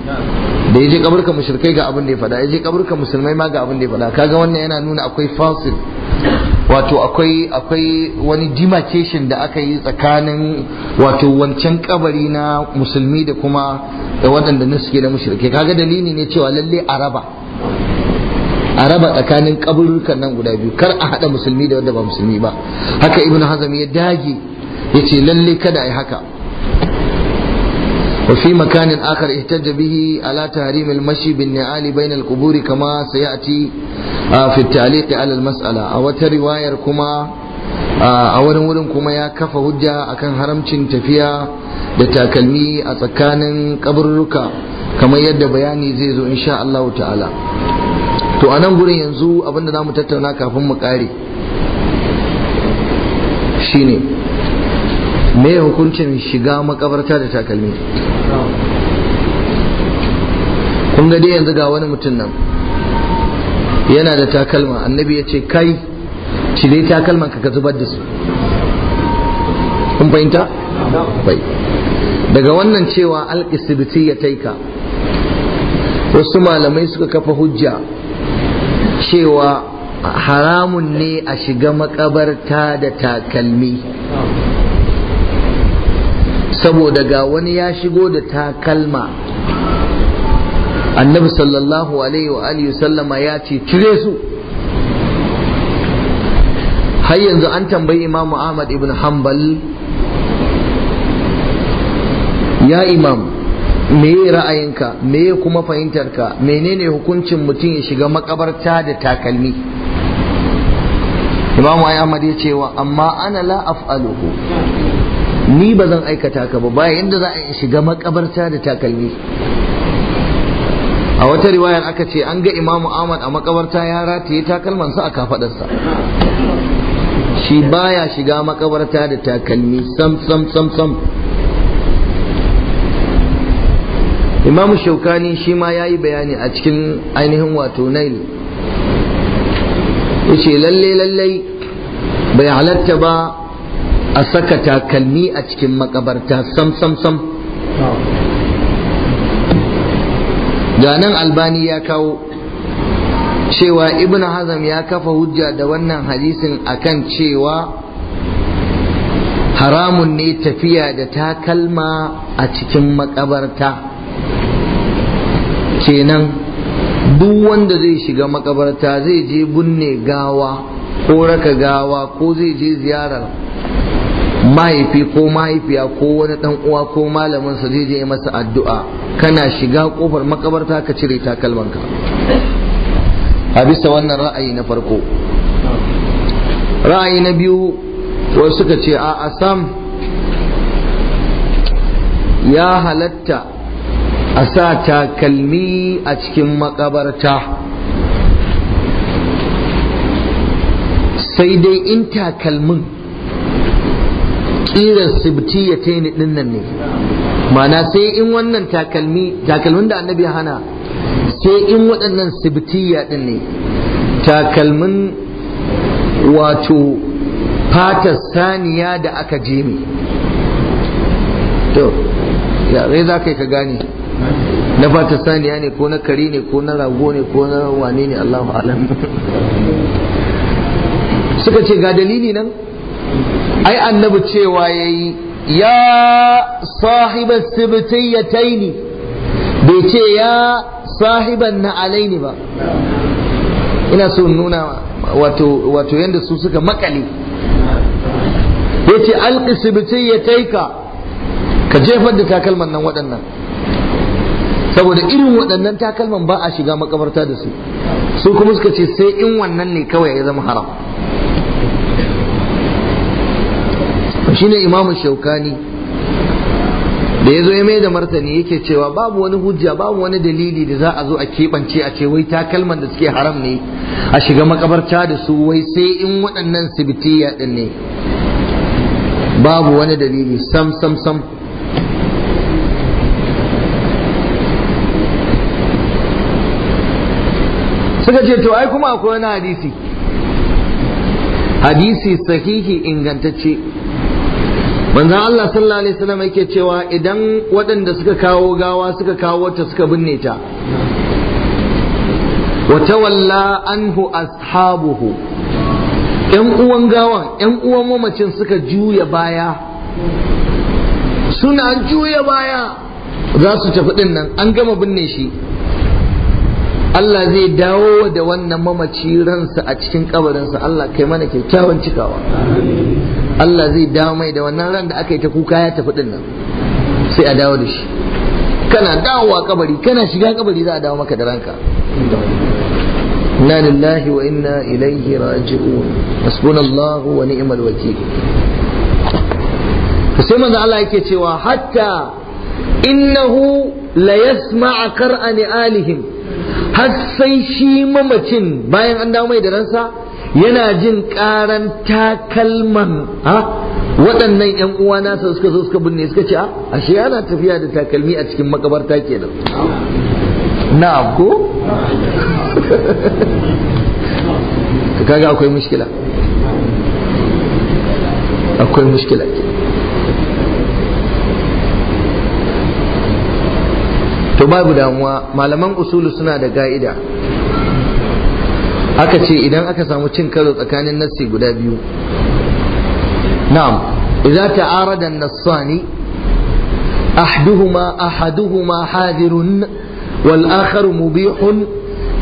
da ya je kaburkan mushrikai ga abin da ya faɗa ya je kaburkan musulmai ma ga abin da ya faɗa kaga wannan yana nuna akwai fasil wato akwai akwai wani demarcation da aka yi tsakanin wato wancan kabari na musulmi da kuma da waɗanda na suke na mushrikai kaga dalili ne cewa lalle araba a raba tsakanin kaburrukan nan guda biyu kar a haɗa musulmi da wanda ba musulmi ba haka ibnu hazami ya dage ya ce lalle kada a yi haka وفي مكان آخر احتج به على تحريم المشي بالنعال بين القبور كما سيأتي في التعليق على المسألة أو رواية كما a wani wurin kuma ya kafa hujja akan haramcin tafiya da takalmi a tsakanin kaburruka kamar yadda bayani zai zo insha allahu ta'ala to a nan gurin yanzu abin da za mu tattauna kafin mu kare shine me hukuncin shiga makabarta da takalmi kun gadi yanzu ga wani mutum nan yana da takalma annabi ya ce kai cire takalman ka ka zubar da su kun fahimta bai daga wannan cewa alƙisibiti ya taika wasu malamai suka kafa hujja cewa haramun ne a shiga makabarta da takalmi saboda ga wani ya shigo da takalma annabi sallallahu alaihi wa sallama ya ce cire su har yanzu an tambayi imam ahmad ibn hanbal ya imam me ra'ayinka me kuma fahimtarka menene hukuncin mutum ya shiga makabarta da takalmi imam ahmad ya ce wa amma ana la af'aluhu ni ba zan aikata ka ba ba inda za a shiga makabarta da takalmi a wata riwayar aka ce an ga imamu ahmad a makabarta ya rataye takalmansa a kafadarsa shi baya shiga makabarta da takalmi sam sam sam sam imamu shaukani shi ma ya yi bayani a cikin ainihin wato nail ya ce lalle lallai bai halatta ba a saka takalmi a cikin makabarta sam sam sam nan albani ya kawo cewa ibn hazam ya kafa hujja da wannan hadisin akan cewa haramun ne tafiya da takalma a cikin makabarta kenan duk wanda zai shiga makabarta zai je binne gawa ko raka gawa ko zai je ziyarar mahaifi ko mahaifiya ko wani dan uwa ko malamin sa zai je masa addu'a kana shiga kofar makabarta ka cire takalmanka a bisa wannan ra'ayi na farko ra'ayi na biyu wasu suka ce a asam ya halatta a sa takalmi a cikin makabarta sai dai in takalmin kiran sibtiya ta yi ɗin nan ne mana sai in wannan takalmi takalmin da annabi hana sai in waɗannan sibtiya din ne takalmin wato fatar saniya da aka jemi to yare za ka yi ka gane na fatar saniya ne ko na kari ne ko na rago ne ko na wane ne allahu alam suka ce ga dalili nan ai annabi cewa yayi ya sahiba sibtiyataini bai ce ya sahiban na alaini ba ina so nuna wato wato su suka makale yace ya sibtiyataika ka jefar da takalman nan waɗannan saboda irin waɗannan takalman ba a shiga makabarta da su su kuma suka ce sai in wannan ne kawai ya zama haram shine imamu shaukani da ya zo ya mai da martani yake cewa babu wani hujja babu wani dalili da za a zo a keɓance a ce wai takalman da suke haram ne a shiga makabarta da su wai sai in waɗannan sibitiya ɗin ne babu wani dalili sam sam sam suka ce to ai kuma akwai wani hadisi hadisi sahihi ingantacce manzan Allah sallallahu alaihi wasallam yake cewa idan waɗanda suka kawo gawa suka kawo wata suka binne ta wa tawalla anhu ashabuhu yan uwan gawan yan uwan mamacin suka juya baya suna juya baya za su tafi din nan an gama binne shi Allah zai dawo da wannan mamaci ransa a cikin kabarinsa Allah kai mana kyakkyawan cikawa Allah zai dawo mai da wannan ran da aka yi ta kuka ya tafi din nan sai a dawo da shi kana dawowa kabari kana shiga kabari za a dawo maka da ranka inna lillahi wa inna ilaihi raji'un hasbunallahu wa ni'mal wakil sai manzo Allah yake cewa hatta innahu la yasma'a qar'an alihim har sai shi mamacin bayan an dawo mai da ransa yana jin karan takalman waɗannan 'yan uwa nasa suka zo suka binne suka ce ah, ashe yana tafiya da takalmi a cikin makabarta kenan na ko kaga akwai mushkila akwai mushkila to babu damuwa malaman usulu suna da ga'ida aka ce idan aka samu cin karo tsakanin nassi guda biyu na'am idza ta'arada an-nassani ahduhuma ahaduhuma hadirun wal akhar mubihun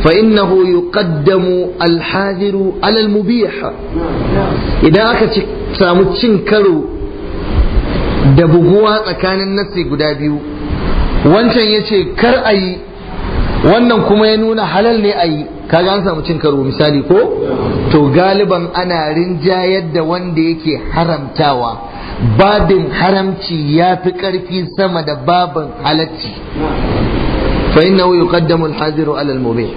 fa innahu yuqaddamu al-hadiru ala al idan aka samu cin karo da buguwa tsakanin nassi guda biyu wancan yace kar ayi wannan kuma ya nuna halal ne a yi kaga an samu cin karo misali ko to galiban ana rinjayar da wanda yake haramtawa babin haramci ya fi ƙarfi sama da babin halacci fa innahu yuqaddamu al haziru ala al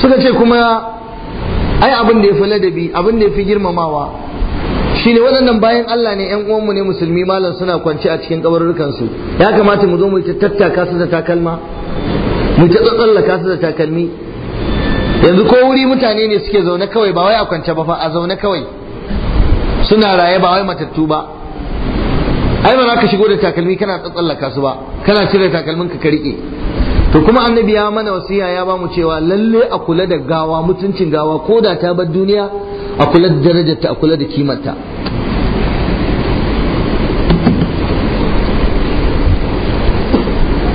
suka ce kuma ai abin da ya fi ladabi abin da ya fi girmamawa ne waɗannan bayan Allah ne ƴan uwanmu ne musulmi malam suna kwance a cikin kabarurukan su ya kamata mu zo mu ta tattaka su da takalma mu ta tsallaka su da takalmi yanzu ko wuri mutane ne suke zaune kawai ba wai a kwance ba fa a zaune kawai suna raye ba wai matattu ba ai ba za ka shigo da takalmi kana tsallaka su ba kana cire takalmin ka riƙe. to kuma annabi ya mana wasiya ya ba mu cewa lalle a kula da gawa mutuncin gawa ko da ta bar duniya a kula da darajarta a kula da kimarta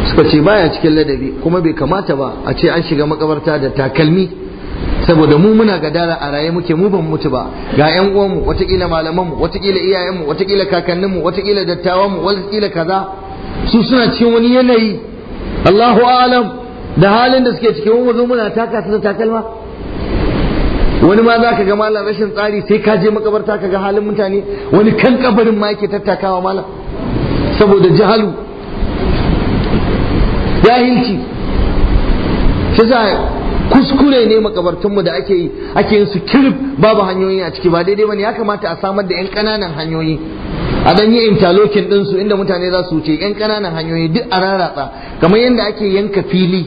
suka ce baya cikin ladabi kuma bai kamata ba a ce an shiga makabarta da takalmi saboda mu muna gadara a raye muke mu ban mutu ba ga yan uwanmu watakila malamanmu watakila iyayenmu watakila kakanninmu watakila dattawanmu watakila kaza su suna cikin wani yanayi Allahu alam da halin da suke cikin mu zo muna taka su da takalma wani ma zaka ga malam rashin tsari sai ka je makabarta ka ga halin mutane wani kan kabarin ma yake tattakawa malam saboda jahalu jahilci shi kuskure ne makabartunmu da ake yi ake yin su kirif babu hanyoyi a ciki ba daidai bane ya kamata a samar da yan kananan hanyoyi a dan yi interlocking din su inda mutane za su wuce yan ƙananan hanyoyi duk a raratsa kamar yadda ake yanka fili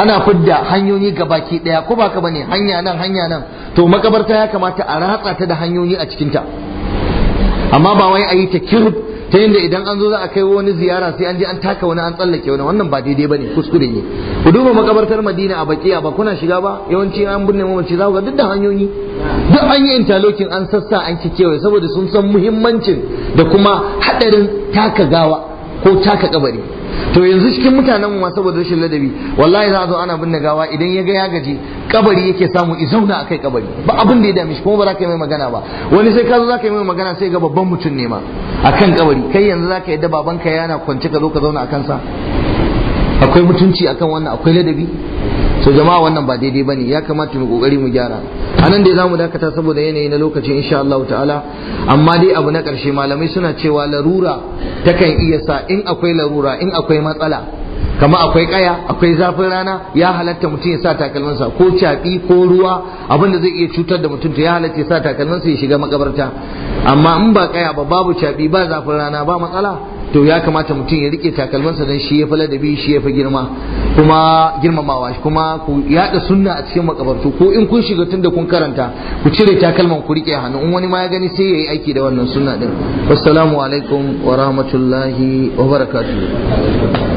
ana fidda hanyoyi ga baki ɗaya, ko baka bane hanya nan hanya nan to makabarta ya kamata a ratsa ta da hanyoyi a cikin ta amma ba wai a yi ta kirib ta yadda idan an zo za a kai wani ziyara sai an je an taka wani an tsallake wani wannan ba daidai bane kuskure ne ku duba makabartar Madina a bakiya ba kuna shiga ba yawanci an binne mamaci za ku ga duk da hanyoyi duk an yi interlocking an sassa an kikewaye saboda sun san muhimmancin da kuma haɗarin taka gawa ko taka kabari to yanzu cikin mutanen mu saboda rashin ladabi wallahi za a zo ana binne gawa idan ya ga ya gaji kabari yake samu i zauna akai kabari ba abin da ya dame shi kuma ba za ka yi mai magana ba wani sai ka zo za ka yi mai magana sai ga babban mutum ne ma akan kabari kai yanzu za ka yadda babanka yana kwance ka zo ka zauna akan sa akwai mutunci akan wannan akwai ladabi to jama'a wannan ba daidai bane ya kamata mu kokari mu gyara anan dai zamu dakata saboda yanayi na lokaci insha Allah ta'ala amma dai abu na karshe malamai suna cewa larura takan iya sa in akwai larura in akwai matsala kama akwai kaya akwai zafin rana ya halatta mutum ya sa takalmansa ko caɓi ko ruwa abun da zai iya cutar da mutum to ya halatta ya sa takalmansa ya shiga makabarta amma in ba kaya ba babu caɓi ba zafin rana ba matsala to ya kamata mutum ya rike takalmansa dan shi ya fi ladabi shi ya fi girma kuma girmamawa kuma ku yada sunna a cikin makabartu ko in kun shiga tunda kun karanta ku cire takalman ku rike hannu in wani ma ya gani sai yayi aiki da wannan sunna din assalamu alaikum wa rahmatullahi wa barakatuh